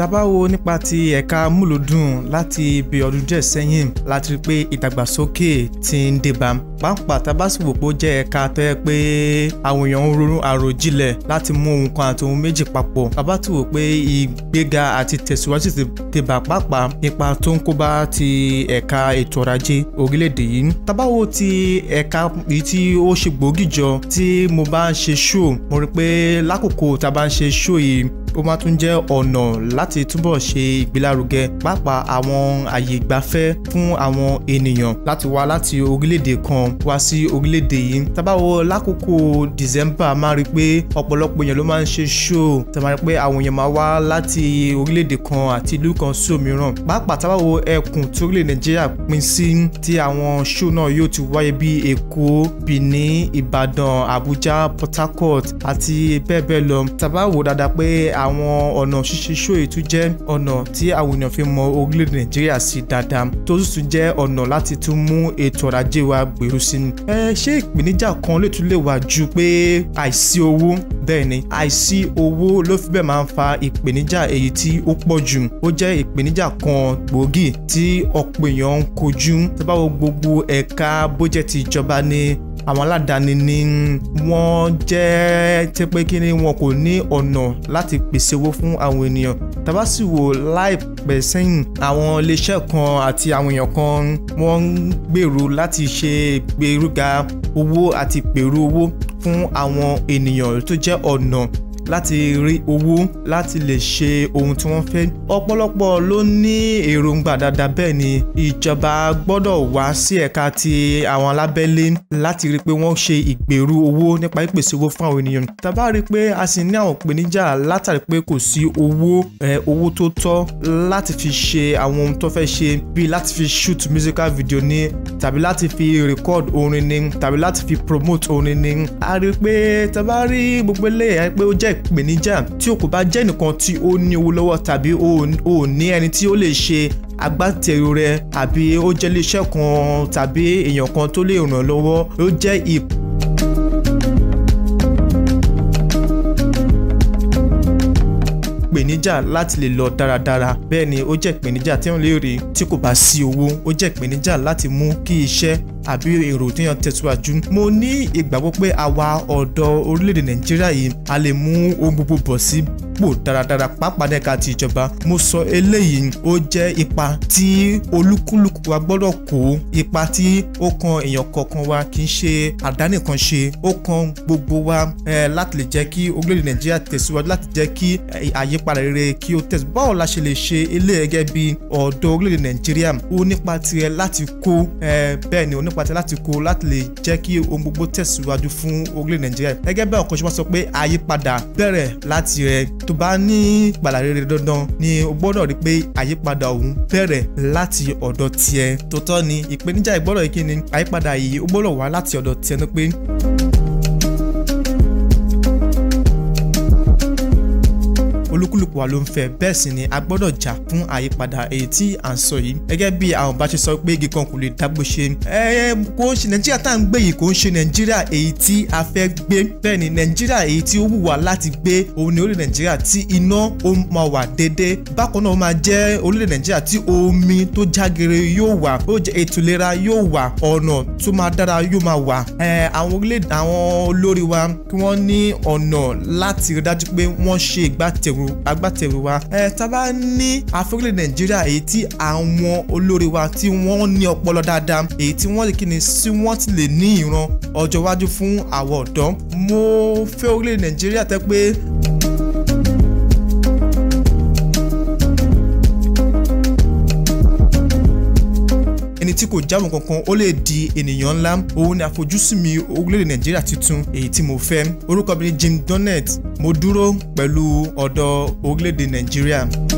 tàbá wo nípa ti ẹ̀ka múlòdùn láti ibi ọdún díẹ̀ sẹ́yìn láti rí pé ìdàgbàsókè ti ń débà pàápàá tàbá sì wò pé ó jẹ́ ẹ̀ka tó yẹ pé àwọn èèyàn ń ronú àròjinlẹ̀ láti mú ohun kan àti ohun méjì papọ̀ tàbá ti wò pé ìgbéga àti tẹ̀síwájú ti débà pàápàá nípa tó ń kóbá ti ẹ̀ka ètò ọrọ̀ ajé orílẹ̀-èdè yìí tàbá ti ẹ̀ka èyí tí ó ṣe gbòógì jọ tí mo bá ń ṣe ṣó mo rí pé lákòókò tàbá ń ṣe ṣó yìí ó máa tún jẹ́ ọ̀nà láti túbọ̀ ṣe ìgbélárugẹ pàápàá àwọn àyè ìgbafẹ́ fún àwọn ènìyàn láti wá láti orílẹ̀-èdè kan wá sí orílẹ̀-èdè yìí tá bá wò lákòókò December máa rí pé ọ̀pọ̀lọpọ̀ èèyàn ló máa ń ṣe show tá máa rí pé àwọn èèyàn máa wá láti orílẹ̀-èdè kan àti ìlú kan sí òmíràn pàápàá tá ẹkùn tí orílẹ̀ Nàìjíríà pín sí tí àwọn show náà yóò ti wáyé bí Èkó Benin Ìbàdàn Àbújá Port Harcourt àti bẹ́ẹ̀ bẹ́ẹ̀ lọ tá dáadáa pé àwọn àwọn ọ̀nà ṣíṣe ṣó ètú jẹ́ ọ̀nà tí àwọn èèyàn fi mọ orílẹ̀-èdè nàìjíríà sí dáadáa tó tún jẹ́ ọ̀nà láti tún mú ètò ọrọ̀ ajé wa gbèrú sí ni. ẹ ṣé ìpèníjà kan lè tún lè wà ju pé àìsí owó bẹ́ẹ̀ ni àìsí owó ló fi bẹ́ẹ̀ máa ń fa ìpèníjà èyí tí ó pọ̀ jù ó jẹ́ ìpèníjà kan gbòógì tí ọ̀pọ̀ èèyàn ń kojú tó bá wo gbogbo ẹ̀ka bó jẹ́ ti ìjọba ni àwọn aládàáni ni wọ́n jẹ́ tẹ́ pé kí ni wọn kò ní ọ̀nà láti pèsè owó fún àwọn ènìyàn tá bá sì wò láìpẹ́ sẹ́yìn àwọn iléeṣẹ́ kan àti àwọn èèyàn kan wọ́n ń gbèrú láti ṣe ìgbéruga owó àti ìpèrú owó fún àwọn ènìyàn tó jẹ́ ọ̀nà láti rí owó láti lè ṣe ohun tí wọ́n fẹ́. ọ̀pọ̀lọpọ̀ ló ní èròǹgbà dáadáa bẹ́ẹ̀ ni ìjọba gbọ́dọ̀ wá sí ẹ̀ka ti àwọn alábẹ́lé láti rí i pé wọ́n ṣe ìgbèrú owó nípa ìpèsè owó fún àwọn ènìyàn. tàbá rí i pé a sì ní àwọn ìpèníjà látàrí pé kò sí owó owó tó tọ́ láti fi ṣe àwọn ohun tó fẹ́ ṣe bíi láti fi shoot musical video ni tàbí láti fi record orin ni tàbí láti fi promote orin ni. a rí i pé tàbá rí gbogbo eléyà pé ó jẹ́ ìpèníjà tí o kò bá jẹ́ nìkan tí ó ní owó lọ́wọ́ tàbí o ò ní ẹni tí ó lè ṣe agbátẹrù rẹ àbí ó jẹ́ iléeṣẹ́ kan tàbí èèyàn kan tó lè ràn ọ́ lọ́wọ́ ó jẹ́ ìpè. ìpèníjà láti lè lọ dáradára bẹ́ẹ̀ ó jẹ́ ìpèníjà tí wọ́n lè rí tí kò bá sí owó ó jẹ́ ìpèníjà láti mú kí iṣẹ́ àbí èrò téèyàn tẹ̀síwájú mo ní ìgbàgbọ́ pé àwa ọ̀dọ́ orílẹ̀-èdè nàìjíríà yìí a lè mú ohun gbogbo bọ̀ sí nípò dáradára pàápàá lẹ́ka ti ìjọba mo sọ eléyìí ó jẹ́ ipa tí olúkúlùkù wa gbọ́dọ̀ kó ipa tí ó kan èèyàn kọ̀ọ̀kan wa kì í ṣe àdánìkan ṣe ó kan gbogbo wa láti lè jẹ́ kí orílẹ̀-èdè nàìjíríà tẹ̀síwájú láti jẹ́ kí àyípadà rere kí ó tẹ̀síwájú báwo la ṣe lè ṣe ilé gẹ́gẹ́ bí ọ̀dọ́ orílẹ̀-èdè nàìjíríà ó nípa tirẹ̀ láti kó bẹ́ẹ̀ ni ó nípa tirẹ̀ láti kó láti lè jẹ́ kí ohun gbogbo tẹ̀síwájú fún orílẹ̀-èdè nàìjíríà gẹ́gẹ́ bẹ́ẹ̀ ọ̀kan ṣe wá sọ pé àyípadà bẹ̀rẹ̀ láti rẹ̀ tó bá ní ìpàlà rere dandan ni o gbọ́dọ̀ rí pé àyípadà òun bẹ̀rẹ̀ láti ọ̀dọ̀ tiẹ̀ tó ni ìpèníjà ìgbọ́dọ̀ yìí kí ni àyípadà yìí ó gbọ́dọ̀ wá láti ọ̀dọ̀ tiẹ̀ ni pé. olúkúlùkù wa ló ń fẹ́ bẹ́ẹ̀ sì ni a gbọ́dọ̀ jà fún àyípadà èyí tí à ń sọ yìí gẹ́gẹ́ bí àwọn bá ṣe sọ pé igi kan kò lè dágbó ṣe ẹ kò ń ṣe nàìjíríà tá à ń gbé yìí kò ń ṣe nàìjíríà èyí tí a fẹ́ gbé bẹ́ẹ̀ ni nàìjíríà èyí tí ó wù wá láti gbé òun ni orílẹ̀ nàìjíríà tí iná ó máa wà déédéé bákan náà ó máa jẹ́ orílẹ̀ nàìjíríà tí omi tó jágere yóò wà ó jẹ́ ètò ìlera yóò wà ọ̀nà tó máa dára yóò máa wà àwọn orílẹ̀ àwọn olórí wa kí wọ́n ní ọ̀nà láti rí dájú pé wọ́n ṣe ìgbàtẹ̀rù agbátẹrù wa ẹ tá a bá ní àforílẹ̀ nàìjíríà èyí tí àwọn olórí wa tí wọ́n ní ọpọlọ dáadáa èyí tí wọ́n lè kí ni sí wọ́n ti lè ní ìran ọjọ́ iwájú fún àwọn ọ̀dọ́ mo fẹ́ orílẹ̀ nàìjíríà tẹ́ pé tí kò jámọ́ kankan ó lè di ènìyàn ńlá òun ni àfojúsùn mi orílẹ̀-èdè nàìjíríà tuntun èyí tí mo fẹ́ orúkọ mi ni Jim Donnett mo dúró pẹ̀lú ọ̀dọ́ orílẹ̀-èdè nàìjíríà.